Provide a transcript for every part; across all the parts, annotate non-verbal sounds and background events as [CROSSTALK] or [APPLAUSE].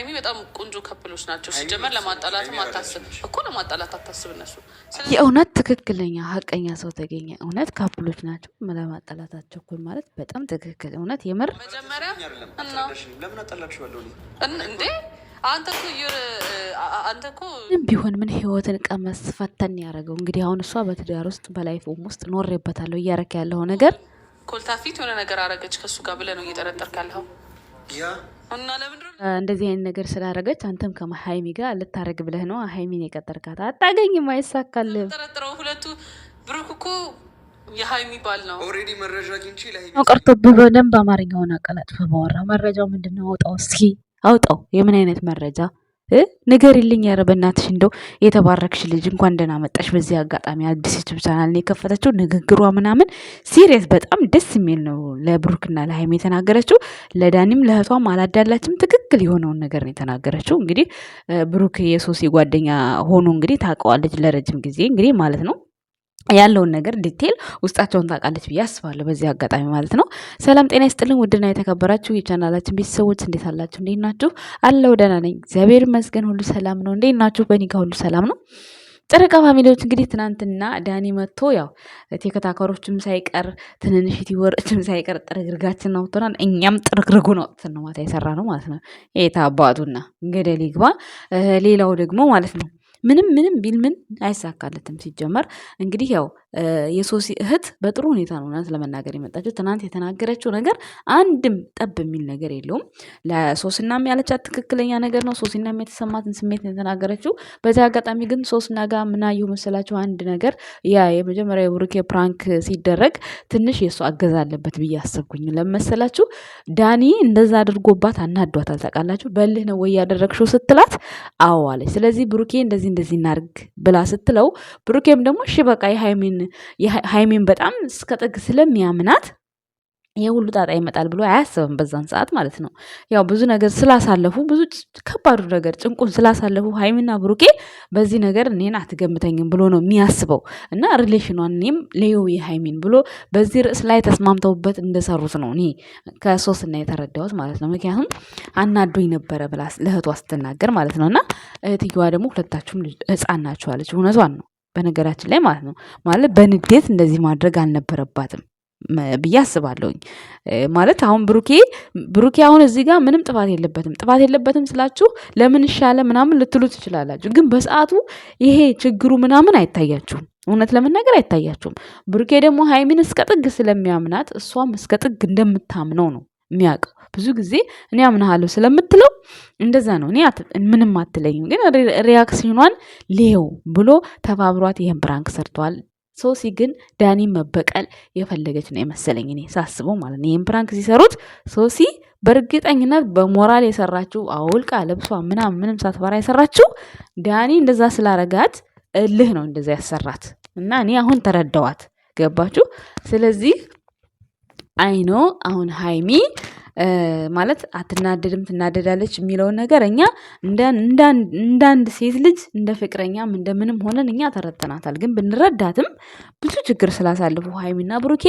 ሀይሚ በጣም ቆንጆ ከፕሎች ናቸው። ሲጀመር ለማጣላት አታስብ እኮ ለማጣላት አታስብ እነሱ። የእውነት ትክክለኛ ሀቀኛ ሰው ተገኘ። እውነት ካፕሎች ናቸው። ለማጣላታቸው አቸኩል ማለት በጣም ትክክል እውነት የምር መጀመሪያ እንዴ ምንም ቢሆን ምን ህይወትን ቀመስ ፈተን ያደረገው እንግዲህ አሁን እሷ በትዳር ውስጥ በላይፎም ውስጥ ኖሬበታለሁ እያረክ ያለው ነገር ኮልታፊት የሆነ ነገር አረገች ከእሱ ጋር ብለህ ነው እየጠረጠርክ ያለኸው። እንደዚህ አይነት ነገር ስላደረገች አንተም ከሀይሚ ጋር ልታደረግ ብለህ ነው ሀይሚን የቀጠርካት። አታገኝም፣ አይሳካልም። ጠረጥረው ሁለቱ ብሩክ እኮ የሀይሚ ባል ነው። ኦልሬዲ መረጃ አግኝቼ ለሀይሚ በደንብ አማርኛውን አቀላጥፈ ባወራ መረጃው ምንድን ነው? አውጣው እስኪ አውጣው። የምን አይነት መረጃ ንገሪልኝ። ኧረ በእናትሽ እንደው የተባረክሽ ልጅ እንኳን ደህና መጣሽ። በዚህ አጋጣሚ አዲስ ዩቱብ ቻናል የከፈተችው ንግግሯ ምናምን ሲሪየስ በጣም ደስ የሚል ነው። ለብሩክና ለሀይም የተናገረችው ለዳኒም ለእህቷም አላዳላችም። ትክክል የሆነውን ነገር ነው የተናገረችው። እንግዲህ ብሩክ የሶሲ ጓደኛ ሆኖ እንግዲህ ታውቀዋለች ለረጅም ጊዜ እንግዲህ ማለት ነው ያለውን ነገር ዲቴል ውስጣቸውን ታውቃለች ብዬ አስባለሁ። በዚህ አጋጣሚ ማለት ነው። ሰላም ጤና ይስጥልን ውድና የተከበራችሁ የቻናላችን ቤተሰቦች እንዴት አላችሁ? እንዴት ናችሁ? አለው ደህና ነኝ እግዚአብሔር ይመስገን፣ ሁሉ ሰላም ነው። እንዴት ናችሁ? በእኔ ሁሉ ሰላም ነው። ጨረቃ ፋሚሊዎች እንግዲህ ትናንትና ዳኒ መጥቶ ያው ቴከታከሮችም ሳይቀር ትንንሽ ቲወርችም ሳይቀር ጥርግርጋችን አውጥተናል። እኛም ጥርግርጉን አውጥተን ነው ማታ የሰራ ነው ማለት ነው። የታባቱና እንገደል ይግባ። ሌላው ደግሞ ማለት ነው ምንም ምንም ቢል ምን አይሳካለትም። ሲጀመር እንግዲህ ያው የሶሲ እህት በጥሩ ሁኔታ ነው እውነት ለመናገር የመጣችው። ትናንት የተናገረችው ነገር አንድም ጠብ የሚል ነገር የለውም። ለሶስናም ያለቻት ትክክለኛ ነገር ነው። ሶሲናም የተሰማትን ስሜት ነው የተናገረችው። በዚህ አጋጣሚ ግን ሶስና ጋ ምናየው መሰላቸው አንድ ነገር ያ የመጀመሪያ የብሩኬ ፕራንክ ሲደረግ ትንሽ የእሱ አገዛ አለበት ብዬ አሰብኩኝ። ለመሰላችሁ ዳኒ እንደዛ አድርጎባት አናዷት አልታውቃላችሁ። በልህ ነው ወይ ያደረግሽው ስትላት አዎ አለች። ስለዚህ ብሩኬ እንደዚህ እንደዚህ እንደዚህ እናርግ ብላ ስትለው ብሩኬም ደግሞ እሺ በቃ የሃይሚን በጣም እስከ ጥግ ስለሚያምናት የሁሉ ጣጣ ይመጣል ብሎ አያስብም በዛን ሰዓት ማለት ነው። ያው ብዙ ነገር ስላሳለፉ ብዙ ከባዱ ነገር ጭንቁን ስላሳለፉ ሀይሚና ብሩኬ በዚህ ነገር እኔን አትገምተኝም ብሎ ነው የሚያስበው እና ሪሌሽኗን እኔም ለየው የሀይሚን ብሎ በዚህ ርዕስ ላይ ተስማምተውበት እንደሰሩት ነው እኔ እና የተረዳሁት ማለት ነው። ምክንያቱም አናዶኝ ነበረ ብላ ለእህቷ ስትናገር ማለት ነው እና እህትየዋ ደግሞ ሁለታችሁም ሕፃን ናችኋለች እውነቷን ነው በነገራችን ላይ ማለት ነው። ማለት በንዴት እንደዚህ ማድረግ አልነበረባትም። ብዬ አስባለሁኝ። ማለት አሁን ብሩኬ ብሩኬ አሁን እዚህ ጋር ምንም ጥፋት የለበትም። ጥፋት የለበትም ስላችሁ ለምን ይሻለ ምናምን ልትሉ ትችላላችሁ። ግን በሰዓቱ ይሄ ችግሩ ምናምን አይታያችሁም። እውነት ለመናገር አይታያችሁም። ብሩኬ ደግሞ ሀይሚን እስከ ጥግ ስለሚያምናት እሷም እስከ ጥግ እንደምታምነው ነው የሚያውቀው። ብዙ ጊዜ እኔ አምናሃለሁ ስለምትለው እንደዛ ነው። እኔ ምንም አትለኝም፣ ግን ሪያክሽኗን ሌው ብሎ ተባብሯት ይህን ብራንክ ሰርተዋል ሶሲ ግን ዳኒን መበቀል የፈለገች ነው የመሰለኝ እኔ ሳስበው ማለት ነው። ይህን ፕራንክ ሲሰሩት ሶሲ በእርግጠኝነት በሞራል የሰራችው አውልቃ ለብሷ ምናምን ምንም ሳትፈራ የሰራችው ዳኒ እንደዛ ስላረጋት እልህ ነው እንደዛ ያሰራት እና እኔ አሁን ተረዳዋት። ገባችሁ? ስለዚህ አይኖ አሁን ሀይሚ ማለት አትናደድም ትናደዳለች የሚለውን ነገር እኛ እንደ አንድ ሴት ልጅ እንደ ፍቅረኛም እንደምንም ሆነን እኛ ተረተናታል ግን ብንረዳትም ብዙ ችግር ስላሳልፉ ሀይሚና ብሩኬ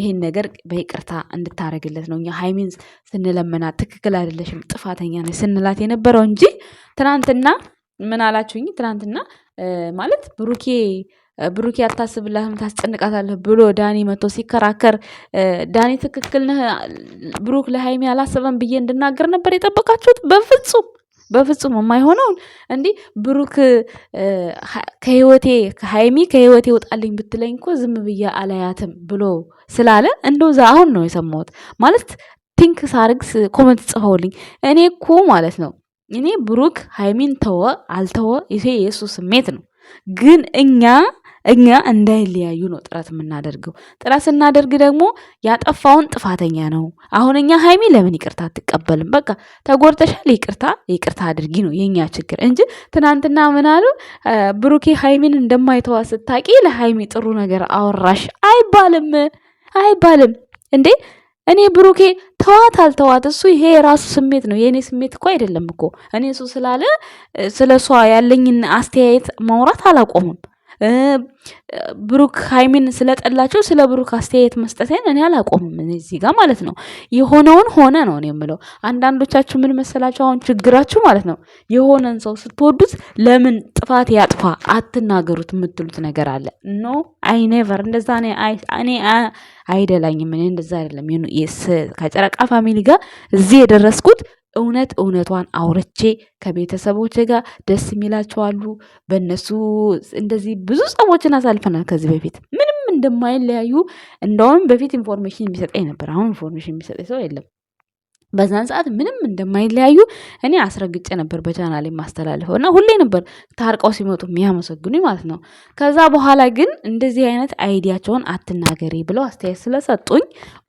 ይህን ነገር በይቅርታ እንድታረግለት ነው እኛ ሀይሚን ስንለምናት ትክክል አይደለሽም ጥፋተኛ ነች ስንላት የነበረው እንጂ ትናንትና ምን አላችሁኝ? ትናንትና ማለት ብሩኬ ብሩኬ አታስብላህም ታስጨንቃታለህ ብሎ ዳኒ መቶ ሲከራከር ዳኒ ትክክል ነህ፣ ብሩክ ለሀይሚ አላሰበም ብዬ እንድናገር ነበር የጠበቃችሁት? በፍጹም በፍጹም የማይሆነውን እንዲህ ብሩክ ከህይወቴ ከሀይሚ ከህይወቴ ውጣልኝ ብትለኝ እኮ ዝም ብዬ አላያትም ብሎ ስላለ እንደዛ አሁን ነው የሰማሁት። ማለት ቲንክ ሳርግስ ኮመንት ጽፈውልኝ እኔ እኮ ማለት ነው እኔ ብሩክ ሀይሚን ተወ አልተወ ይሄ የእሱ ስሜት ነው ግን እኛ እኛ እንዳይለያዩ ነው ጥረት የምናደርገው። ጥረት ስናደርግ ደግሞ ያጠፋውን ጥፋተኛ ነው። አሁን እኛ ሀይሚ ለምን ይቅርታ አትቀበልም? በቃ ተጎድተሻል፣ ይቅርታ ይቅርታ አድርጊ ነው የእኛ ችግር እንጂ ትናንትና ምናሉ ብሩኬ ሀይሚን እንደማይተዋ ስታቂ ለሀይሚ ጥሩ ነገር አወራሽ አይባልም፣ አይባልም እንዴ እኔ ብሩኬ ተዋት አልተዋት እሱ ይሄ የራሱ ስሜት ነው። የእኔ ስሜት እኮ አይደለም እኮ እኔ እሱ ስላለ ስለ እሷ ያለኝን አስተያየት ማውራት አላቆምም። ብሩክ ሀይሚን ስለጠላቸው ስለ ብሩክ አስተያየት መስጠትን እኔ አላቆምም። እዚህ ጋር ማለት ነው የሆነውን ሆነ ነው እኔ የምለው። አንዳንዶቻችሁ ምን መሰላችሁ? አሁን ችግራችሁ ማለት ነው የሆነን ሰው ስትወዱት ለምን ጥፋት ያጥፋ አትናገሩት የምትሉት ነገር አለ። ኖ አይ ኔቨር እንደዛ እኔ አይደላኝም። እኔ እንደዛ አይደለም። ከጨረቃ ፋሚሊ ጋር እዚህ የደረስኩት እውነት እውነቷን አውርቼ ከቤተሰቦች ጋር ደስ የሚላቸው አሉ። በእነሱ እንደዚህ ብዙ ሰዎችን አሳልፈናል ከዚህ በፊት ምንም እንደማይለያዩ እንደውም በፊት ኢንፎርሜሽን የሚሰጠኝ ነበር። አሁን ኢንፎርሜሽን የሚሰጠኝ ሰው የለም። በዛን ሰዓት ምንም እንደማይለያዩ እኔ አስረግጬ ነበር በቻናል የማስተላልፈው እና ሁሌ ነበር ታርቀው ሲመጡ የሚያመሰግኑኝ ማለት ነው። ከዛ በኋላ ግን እንደዚህ አይነት አይዲያቸውን አትናገሪ ብለው አስተያየት ስለሰጡኝ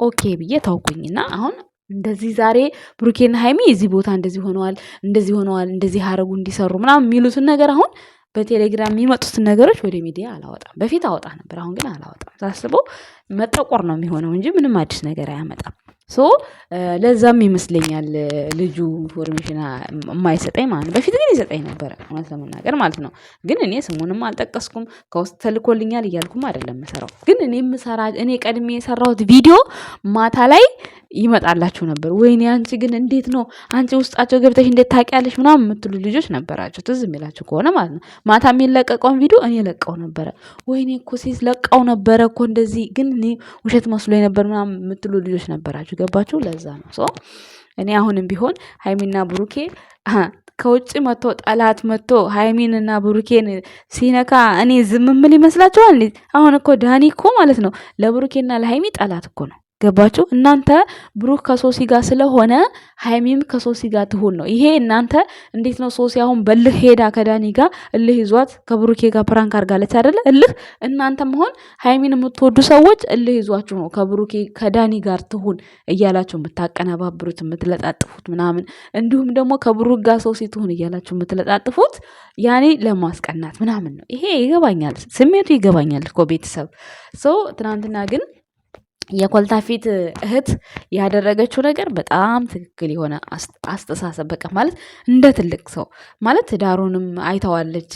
ኦኬ ብዬ ታውኩኝና አሁን እንደዚህ ዛሬ ብሩኬና ሀይሚ እዚህ ቦታ እንደዚህ ሆነዋል፣ እንደዚህ ሆነዋል፣ እንደዚህ አረጉ፣ እንዲሰሩ ምናምን የሚሉትን ነገር አሁን በቴሌግራም የሚመጡትን ነገሮች ወደ ሚዲያ አላወጣም። በፊት አወጣ ነበር፣ አሁን ግን አላወጣም። ሳስበው መጠቆር ነው የሚሆነው እንጂ ምንም አዲስ ነገር አያመጣም። ሶ ለዛም ይመስለኛል ልጁ ኢንፎርሜሽን የማይሰጠኝ ማለት ነው። በፊት ግን ይሰጠኝ ነበረ እውነት ለመናገር ማለት ነው። ግን እኔ ስሙንም አልጠቀስኩም ከውስጥ ተልኮልኛል እያልኩም አይደለም የምሰራው። ግን እኔ ምሰራ እኔ ቀድሜ የሰራሁት ቪዲዮ ማታ ላይ ይመጣላችሁ ነበር። ወይኔ አንቺ ግን እንዴት ነው አንቺ ውስጣቸው ገብተሽ እንዴት ታውቂያለሽ ምናምን የምትሉ ልጆች ነበራቸው፣ ትዝ የሚላችሁ ከሆነ ማለት ነው። ማታ የሚለቀቀውን ቪዲዮ እኔ ለቀው ነበረ። ወይኔ እኮ ሲስ ለቀው ነበረ እኮ እንደዚህ ግን እኔ ውሸት መስሎ ነበር ምናምን የምትሉ ልጆች ነበራቸው። ገባችሁ ለዛ ነው ሶ እኔ አሁንም ቢሆን ሀይሚና ብሩኬ ከውጭ መጥቶ ጠላት መጥቶ ሀይሚንና ብሩኬን ሲነካ እኔ ዝም ምል ይመስላችኋል? አሁን እኮ ዳኒ እኮ ማለት ነው ለብሩኬና ለሀይሚ ጠላት እኮ ነው። ገባችሁ? እናንተ ብሩክ ከሶሲ ጋር ስለሆነ ሀይሚም ከሶሲ ጋር ትሁን ነው ይሄ። እናንተ እንዴት ነው ሶሲ አሁን በልህ ሄዳ ከዳኒ ጋር እልህ ይዟት ከብሩኬ ጋር ፕራንክ አርጋለች አደለ? እልህ እናንተ መሆን ሀይሚን የምትወዱ ሰዎች እልህ ይዟችሁ ነው ከብሩኬ ከዳኒ ጋር ትሁን እያላችሁ የምታቀነባብሩት የምትለጣጥፉት ምናምን፣ እንዲሁም ደግሞ ከብሩክ ጋር ሶሲ ትሁን እያላችሁ የምትለጣጥፉት ያኔ ለማስቀናት ምናምን ነው። ይሄ ይገባኛል፣ ስሜቱ ይገባኛል እኮ ቤተሰብ ሰው ትናንትና ግን የኮልታፊት እህት ያደረገችው ነገር በጣም ትክክል የሆነ አስተሳሰብ በቃ ማለት እንደ ትልቅ ሰው ማለት ዳሩንም አይተዋለች፣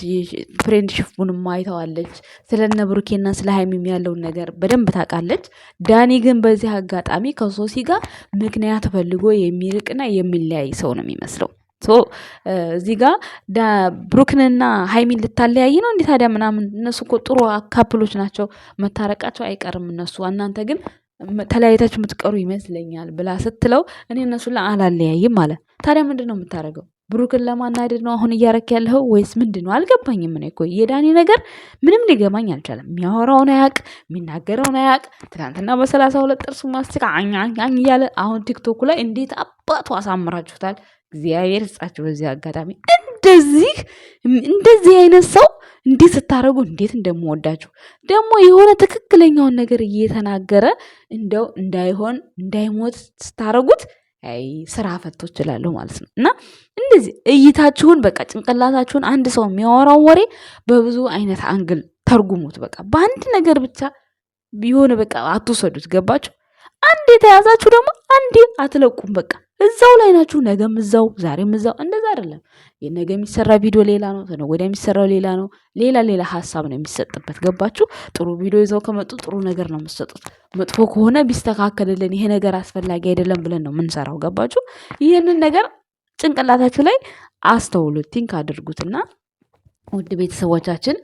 ሽፉንም አይተዋለች። ስለ እነ ብሩኬና ስለ ሀይሚም ያለውን ነገር በደንብ ታውቃለች። ዳኒ ግን በዚህ አጋጣሚ ከሶሲ ጋር ምክንያት ፈልጎ የሚርቅና የሚለያይ ሰው ነው የሚመስለው። እዚህ ጋር ብሩክንና ሀይሚን ልታለያይ ነው እንዴ ታዲያ? ምናምን እነሱ እኮ ጥሩ ካፕሎች ናቸው፣ መታረቃቸው አይቀርም እነሱ እናንተ ግን ተለያይታችሁ የምትቀሩ ይመስለኛል ብላ ስትለው እኔ ላ አላለያይም አለ። ታዲያ ምንድን ነው የምታደርገው? ብሩክን ለማናደድ ነው አሁን እያረክ ያለኸው ወይስ ምንድን ነው? አልገባኝም። እኔ እኮ የዳኒ ነገር ምንም ሊገባኝ አልቻለም። የሚያወራውን አያቅ፣ የሚናገረውን አያቅ። ትናንትና በሰላሳ ሁለት ጥርሱ ማስቲካ አኛኛኝ እያለ አሁን ቲክቶኩ ላይ እንዴት አባቱ አሳምራችሁታል። እግዚአብሔር ይስጣችሁ በዚህ አጋጣሚ እንደዚህ እንደዚህ አይነት ሰው እንዴት ስታደረጉ እንዴት እንደምወዳችሁ ደግሞ የሆነ ትክክለኛውን ነገር እየተናገረ እንደው እንዳይሆን እንዳይሞት ስታደረጉት ስራ ፈቶ እላለሁ ማለት ነው። እና እንደዚህ እይታችሁን በቃ ጭንቅላታችሁን አንድ ሰው የሚያወራው ወሬ በብዙ አይነት አንግል ተርጉሙት። በቃ በአንድ ነገር ብቻ የሆነ በቃ አትውሰዱት። ገባችሁ? አንድ የተያዛችሁ ደግሞ አንዴ አትለቁም በቃ እዛው ላይ ናችሁ። ነገም እዛው፣ ዛሬም እዛው። እንደዛ አይደለም። የነገ የሚሰራ ቪዲዮ ሌላ ነው። ተነገ ወዲያ የሚሰራው ሌላ ነው። ሌላ ሌላ ሀሳብ ነው የሚሰጥበት። ገባችሁ? ጥሩ ቪዲዮ ይዘው ከመጡ ጥሩ ነገር ነው የምትሰጡት። መጥፎ ከሆነ ቢስተካከልልን፣ ይሄ ነገር አስፈላጊ አይደለም ብለን ነው የምንሰራው። ገባችሁ? ይህንን ነገር ጭንቅላታችሁ ላይ አስተውሉት፣ ቲንክ አድርጉትና ውድ ቤተሰቦቻችን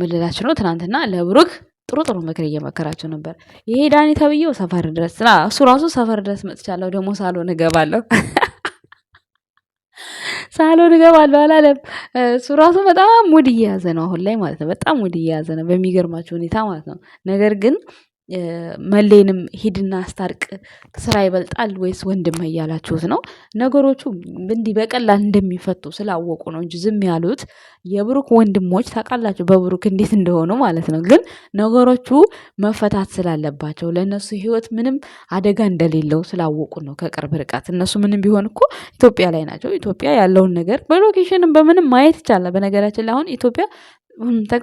ምልላችሁ ነው። ትናንትና ለብሩክ ጥሩ ጥሩ ምክር እየመከራቸው ነበር። ይሄ ዳኒ ተብዬው ሰፈር ድረስ እሱ ራሱ ሰፈር ድረስ መጥቻለሁ። ደግሞ ሳሎን እገባለሁ [LAUGHS] ሳሎን እገባለሁ አላለም። እሱ ራሱ በጣም ሙድ እየያዘ ነው አሁን ላይ ማለት ነው። በጣም ሙድ እየያዘ ነው በሚገርማቸው ሁኔታ ማለት ነው። ነገር ግን መሌንም ሂድና አስታርቅ ስራ ይበልጣል ወይስ ወንድም እያላችሁት ነው። ነገሮቹ እንዲህ በቀላል እንደሚፈቱ ስላወቁ ነው እንጂ ዝም ያሉት የብሩክ ወንድሞች ታውቃላችሁ፣ በብሩክ እንዴት እንደሆኑ ማለት ነው። ግን ነገሮቹ መፈታት ስላለባቸው ለእነሱ ህይወት ምንም አደጋ እንደሌለው ስላወቁ ነው። ከቅርብ ርቀት እነሱ ምንም ቢሆን እኮ ኢትዮጵያ ላይ ናቸው። ኢትዮጵያ ያለውን ነገር በሎኬሽንም በምንም ማየት ይቻላል። በነገራችን ላይ አሁን ኢትዮጵያ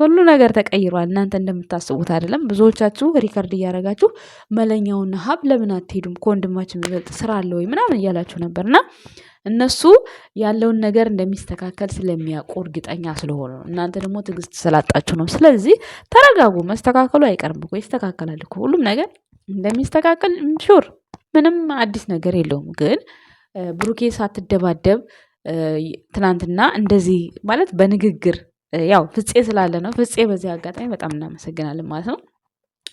ሁሉ ነገር ተቀይሯል። እናንተ እንደምታስቡት አይደለም። ብዙዎቻችሁ ሪከርድ እያደረጋችሁ መለኛውና ሀብ ለምን አትሄዱም ከወንድማችን የሚበልጥ ስራ አለ ወይ ምናምን እያላችሁ ነበርና እነሱ ያለውን ነገር እንደሚስተካከል ስለሚያውቁ እርግጠኛ ስለሆኑ ነው። እናንተ ደግሞ ትዕግስት ስላጣችሁ ነው። ስለዚህ ተረጋጉ። መስተካከሉ አይቀርም እኮ ይስተካከላል እኮ ሁሉም ነገር እንደሚስተካከል ሹር። ምንም አዲስ ነገር የለውም። ግን ብሩኬ ሳትደባደብ ትናንትና እንደዚህ ማለት በንግግር ያው ፍፄ ስላለ ነው። ፍፄ በዚህ አጋጣሚ በጣም እናመሰግናለን ማለት ነው።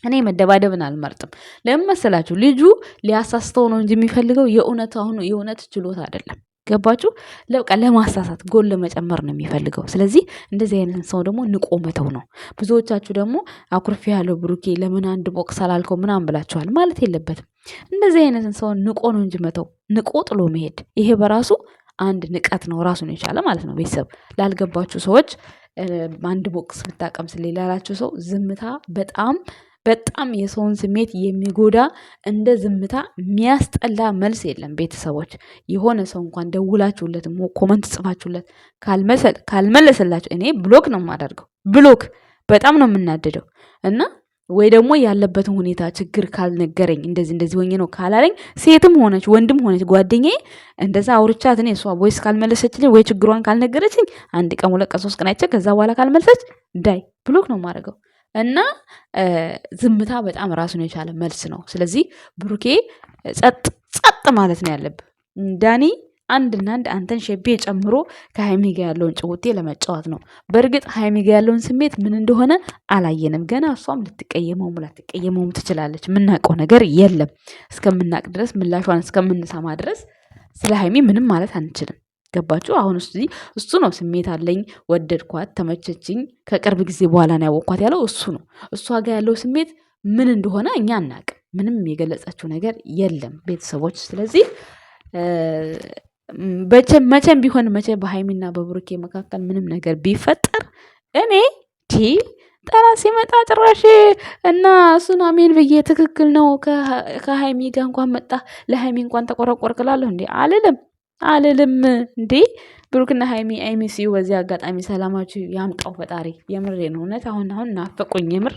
እኔ መደባደብን አልመርጥም። ለምን መሰላችሁ? ልጁ ሊያሳስተው ነው እንጂ የሚፈልገው የእውነት አሁኑ የእውነት ችሎታ አይደለም። ገባችሁ? ለቃ ለማሳሳት ጎል ለመጨመር ነው የሚፈልገው። ስለዚህ እንደዚህ አይነት ሰው ደግሞ ንቆ መተው ነው። ብዙዎቻችሁ ደግሞ አኩርፊ ያለው ብሩኬ ለምን አንድ ቦቅስ አላልከው ምናምን ብላችኋል። ማለት የለበትም እንደዚህ አይነትን ሰው ንቆ ነው እንጂ መተው፣ ንቆ ጥሎ መሄድ ይሄ በራሱ አንድ ንቀት ነው ራሱን የቻለ ማለት ነው። ቤተሰብ ላልገባችሁ ሰዎች አንድ ቦክስ ብታቀምስልኝ ላላችሁ ሰው ዝምታ በጣም በጣም የሰውን ስሜት የሚጎዳ እንደ ዝምታ የሚያስጠላ መልስ የለም። ቤተሰቦች የሆነ ሰው እንኳን ደውላችሁለት ኮመንት ጽፋችሁለት ካልመለሰላችሁ እኔ ብሎክ ነው የማደርገው። ብሎክ በጣም ነው የምናደደው እና ወይ ደግሞ ያለበትን ሁኔታ ችግር ካልነገረኝ እንደዚህ እንደዚህ ሆኜ ነው ካላለኝ፣ ሴትም ሆነች ወንድም ሆነች ጓደኛዬ እንደዛ አውርቻት እኔ እሷ ቦይስ ካልመለሰችልኝ ወይ ችግሯን ካልነገረችኝ አንድ ቀን ሁለት ቀን ሶስት ቀን አይቼ ከዛ በኋላ ካልመለሰች ዳይ ብሎክ ነው ማድረገው። እና ዝምታ በጣም ራሱን የቻለ መልስ ነው። ስለዚህ ብሩኬ ጸጥ ጸጥ ማለት ነው ያለብህ ዳኒ አንድና አንድ አንተን ሼቤ ጨምሮ ከሀይሚ ጋ ያለውን ጭውቴ ለመጫወት ነው። በእርግጥ ሀይሚ ጋ ያለውን ስሜት ምን እንደሆነ አላየንም ገና። እሷም ልትቀየመውም ላትቀየመውም ትችላለች። የምናውቀው ነገር የለም። እስከምናቅ ድረስ ምላሿን እስከምንሰማ ድረስ ስለ ሀይሚ ምንም ማለት አንችልም። ገባችሁ? አሁን እሱ እሱ ነው ስሜት አለኝ፣ ወደድኳት፣ ተመቸችኝ፣ ከቅርብ ጊዜ በኋላ ነው ያወቅኳት ያለው እሱ ነው። እሷ ጋ ያለው ስሜት ምን እንደሆነ እኛ አናውቅም። ምንም የገለጸችው ነገር የለም ቤተሰቦች። ስለዚህ መቼም ቢሆን መቼ በሀይሚና በብሩኬ መካከል ምንም ነገር ቢፈጠር እኔ ቲ ጠላት ሲመጣ ጭራሽ እና እሱን አሜን ብዬ ትክክል ነው ከሀይሚ ጋ እንኳን መጣ ለሀይሚ እንኳን ተቆረቆርክ እላለሁ እንዴ? አልልም አልልም እንዴ? ብሩክና ሃይሚ አይሚሲዩ በዚህ አጋጣሚ ሰላማችሁ ያምጣው ፈጣሪ። የምሬ ነው እውነት አሁን አሁን ናፈቁኝ የምር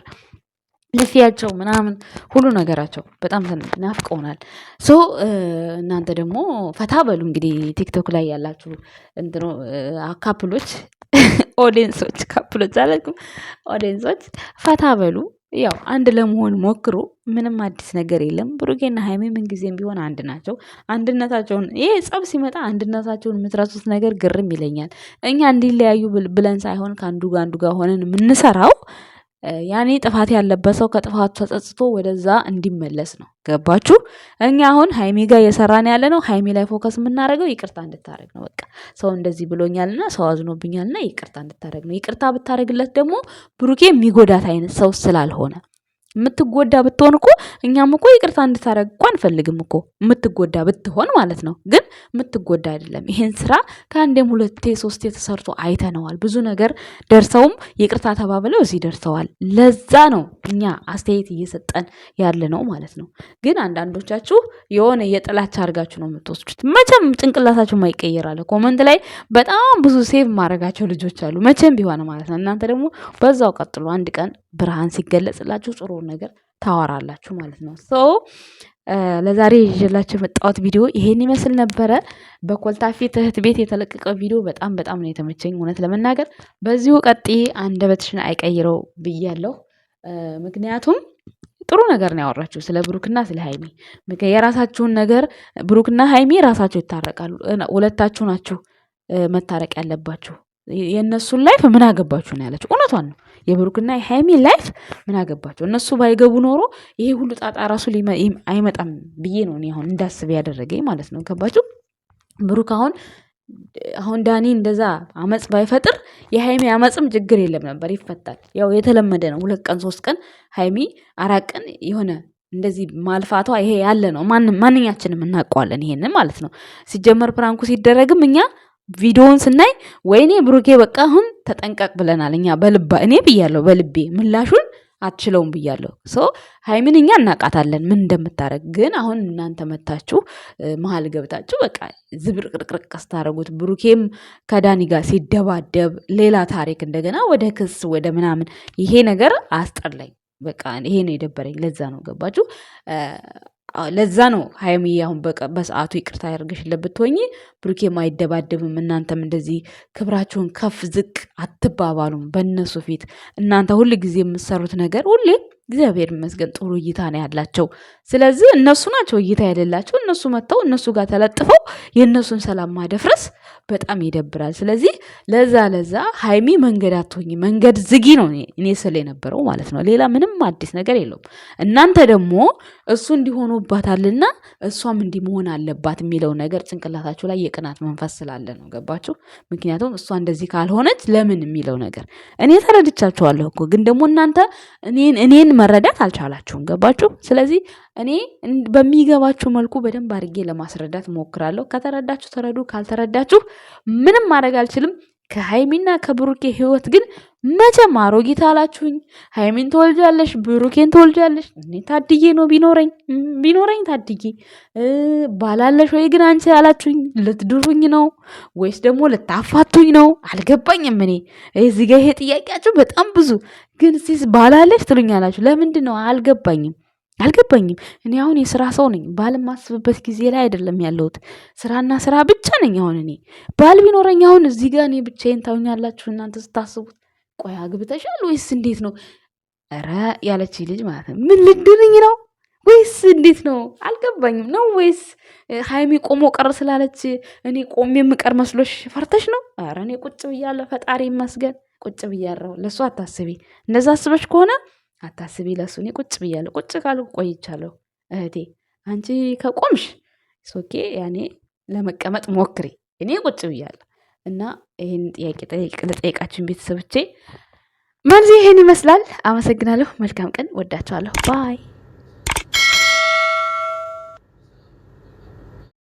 ልፊያቸው ምናምን ሁሉ ነገራቸው በጣም ናፍቀውናል። ሶ እናንተ ደግሞ ፈታ በሉ እንግዲህ ቲክቶክ ላይ ያላችሁ እንትኖ ካፕሎች፣ [LAUGHS] ኦዲየንሶች፣ ካፕሎች አላልኩም፣ ኦዲየንሶች ፈታ በሉ። ያው አንድ ለመሆን ሞክሩ። ምንም አዲስ ነገር የለም። ብሩጌና ሀይሜ ምንጊዜም ቢሆን አንድ ናቸው። አንድነታቸውን ይሄ ጸብ ሲመጣ አንድነታቸውን የምትረሱት ነገር ግርም ይለኛል። እኛ እንዲለያዩ ብለን ሳይሆን ከአንዱ ጋር አንዱ ጋር ሆነን የምንሰራው ያኔ ጥፋት ያለበት ሰው ከጥፋቱ ተጸጽቶ ወደዛ እንዲመለስ ነው። ገባችሁ? እኛ አሁን ሀይሚ ጋር እየሰራን ያለ ነው። ሀይሚ ላይ ፎከስ የምናደርገው ይቅርታ እንድታደርግ ነው። በቃ ሰው እንደዚህ ብሎኛልና ሰው አዝኖብኛልና ይቅርታ እንድታደርግ ነው። ይቅርታ ብታደርግለት ደግሞ ብሩኬ የሚጎዳት አይነት ሰው ስላልሆነ የምትጎዳ ብትሆን እኮ እኛም እኮ ይቅርታ እንድታደረግ እኮ አንፈልግም እኮ የምትጎዳ ብትሆን ማለት ነው። ግን የምትጎዳ አይደለም። ይሄን ስራ ከአንዴም ሁለቴ ሶስቴ ተሰርቶ አይተነዋል። ብዙ ነገር ደርሰውም ይቅርታ ተባብለው እዚህ ደርሰዋል። ለዛ ነው እኛ አስተያየት እየሰጠን ያለ ነው ማለት ነው። ግን አንዳንዶቻችሁ የሆነ የጥላቻ አድርጋችሁ ነው የምትወስዱት። መቼም ጭንቅላታችሁ ማይቀየራለ። ኮመንት ላይ በጣም ብዙ ሴቭ ማድረጋቸው ልጆች አሉ መቼም ቢሆን ማለት ነው። እናንተ ደግሞ በዛው ቀጥሎ አንድ ቀን ብርሃን ሲገለጽላችሁ ጥሩ ነገር ታወራላችሁ ማለት ነው። ሶ ለዛሬ ይዤላችሁ የመጣሁት ቪዲዮ ይሄን ይመስል ነበረ። በኮልታፌ እህት ቤት የተለቀቀው ቪዲዮ በጣም በጣም ነው የተመቸኝ እውነት ለመናገር በዚሁ ቀጥዬ አንደበትሽን አይቀይረው ብያለሁ። ምክንያቱም ጥሩ ነገር ነው ያወራችሁ ስለ ብሩክና ስለ ሀይሚ። የራሳችሁን ነገር ብሩክና ሀይሚ ራሳችሁ ይታረቃሉ። ሁለታችሁ ናችሁ መታረቅ ያለባችሁ። የእነሱን ላይፍ ምን አገባችሁ ነው ያለችው። እውነቷን ነው። የብሩክና የሃይሚ ላይፍ ምን አገባቸው? እነሱ ባይገቡ ኖሮ ይሄ ሁሉ ጣጣ ራሱ አይመጣም ብዬ ነው አሁን እንዳስብ ያደረገኝ ማለት ነው። ገባችሁ? ብሩክ አሁን አሁን ዳኒ እንደዛ አመፅ ባይፈጥር የሃይሚ አመፅም ችግር የለም ነበር፣ ይፈታል። ያው የተለመደ ነው። ሁለት ቀን ሶስት ቀን ሃይሚ አራት ቀን የሆነ እንደዚህ ማልፋቷ ይሄ ያለ ነው። ማንኛችንም እናውቀዋለን ይሄንን ማለት ነው። ሲጀመር ፕራንኩ ሲደረግም እኛ ቪዲዮውን ስናይ ወይኔ ብሩኬ በቃ አሁን ተጠንቀቅ ብለናል። እኛ በልባ እኔ ብያለሁ፣ በልቤ ምላሹን አትችለውም ብያለሁ። ሶ ሀይምን እኛ እናቃታለን ምን እንደምታደረግ። ግን አሁን እናንተ መታችሁ መሀል ገብታችሁ በቃ ዝብርቅርቅርቅ ስታደረጉት ብሩኬም ከዳኒ ጋር ሲደባደብ ሌላ ታሪክ እንደገና ወደ ክስ ወደ ምናምን ይሄ ነገር አስጠላኝ። በቃ ይሄ ነው የደበረኝ። ለዛ ነው ገባችሁ ለዛ ነው ሀይሚ አሁን በሰዓቱ ይቅርታ ያደርገሽለት ብትሆኝ ብሩኬም አይደባደብም። እናንተም እንደዚህ ክብራችሁን ከፍ ዝቅ አትባባሉም በእነሱ ፊት። እናንተ ሁል ጊዜ የምትሰሩት ነገር ሁሌ እግዚአብሔር ይመስገን ጥሩ እይታ ነው ያላቸው። ስለዚህ እነሱ ናቸው እይታ የሌላቸው። እነሱ መጥተው እነሱ ጋር ተለጥፈው የእነሱን ሰላም ማደፍረስ በጣም ይደብራል። ስለዚህ ለዛ ለዛ ሀይሚ መንገድ አትሆኝ መንገድ ዝጊ ነው እኔ ስል የነበረው ማለት ነው። ሌላ ምንም አዲስ ነገር የለውም። እናንተ ደግሞ እሱ እንዲሆኑባታልና እሷም እንዲህ መሆን አለባት የሚለው ነገር ጭንቅላታችሁ ላይ የቅናት መንፈስ ስላለ ነው። ገባችሁ? ምክንያቱም እሷ እንደዚህ ካልሆነች ለምን የሚለው ነገር እኔ ተረድቻችኋለሁ እኮ ግን ደግሞ እናንተ እኔን መረዳት አልቻላችሁም። ገባችሁ? ስለዚህ እኔ በሚገባችሁ መልኩ በደንብ አድርጌ ለማስረዳት ሞክራለሁ። ከተረዳችሁ ተረዱ፣ ካልተረዳችሁ ምንም ማድረግ አልችልም። ከሃይሚና ከብሩኬ ህይወት ግን መቼም አሮጊት አላችሁኝ። ሃይሚን ትወልጃለሽ፣ ብሩኬን ትወልጃለሽ። እኔ ታድዬ ነው ቢኖረኝ ቢኖረኝ ታድዬ ባላለሽ ወይ ግን አንቺ አላችሁኝ። ልትድሩኝ ነው ወይስ ደግሞ ልታፋቱኝ ነው? አልገባኝም። እኔ እዚህ ጋ ይሄ ጥያቄያችሁ በጣም ብዙ ግን ሲስ ባላለሽ አላችሁ ለምንድን ነው አልገባኝም። አልገባኝም። እኔ አሁን የስራ ሰው ነኝ። ባል ማስብበት ጊዜ ላይ አይደለም ያለሁት። ስራና ስራ ብቻ ነኝ። አሁን እኔ ባል ቢኖረኝ አሁን እዚህ ጋር እኔ ብቻዬን ታውኛላችሁ እናንተ ስታስቡት። ቆይ አግብተሻል ወይስ እንዴት ነው? ኧረ ያለች ልጅ ማለት ነው። ምን ልድንኝ ነው ወይስ እንዴት ነው? አልገባኝም ነው ወይስ ሀይሚ ቆሞ ቀር ስላለች እኔ ቆሜ የምቀር መስሎሽ ፈርተሽ ነው? ኧረ እኔ ቁጭ ብያለሁ። ፈጣሪ ይመስገን ቁጭ ብያለሁ። ለእሱ አታስቢ። እንደዛ አስበሽ ከሆነ አታስቢ ለሱ። እኔ ቁጭ ብያለሁ። ቁጭ ካሉ ቆይቻለሁ። እህቴ አንቺ ከቆምሽ ሶኬ ያኔ ለመቀመጥ ሞክሪ። እኔ ቁጭ ብያለሁ እና ይህን ጥያቄ ለጠየቃችን ቤተሰቦቼ መልዚ ይህን ይመስላል። አመሰግናለሁ። መልካም ቀን። ወዳቸዋለሁ። ባይ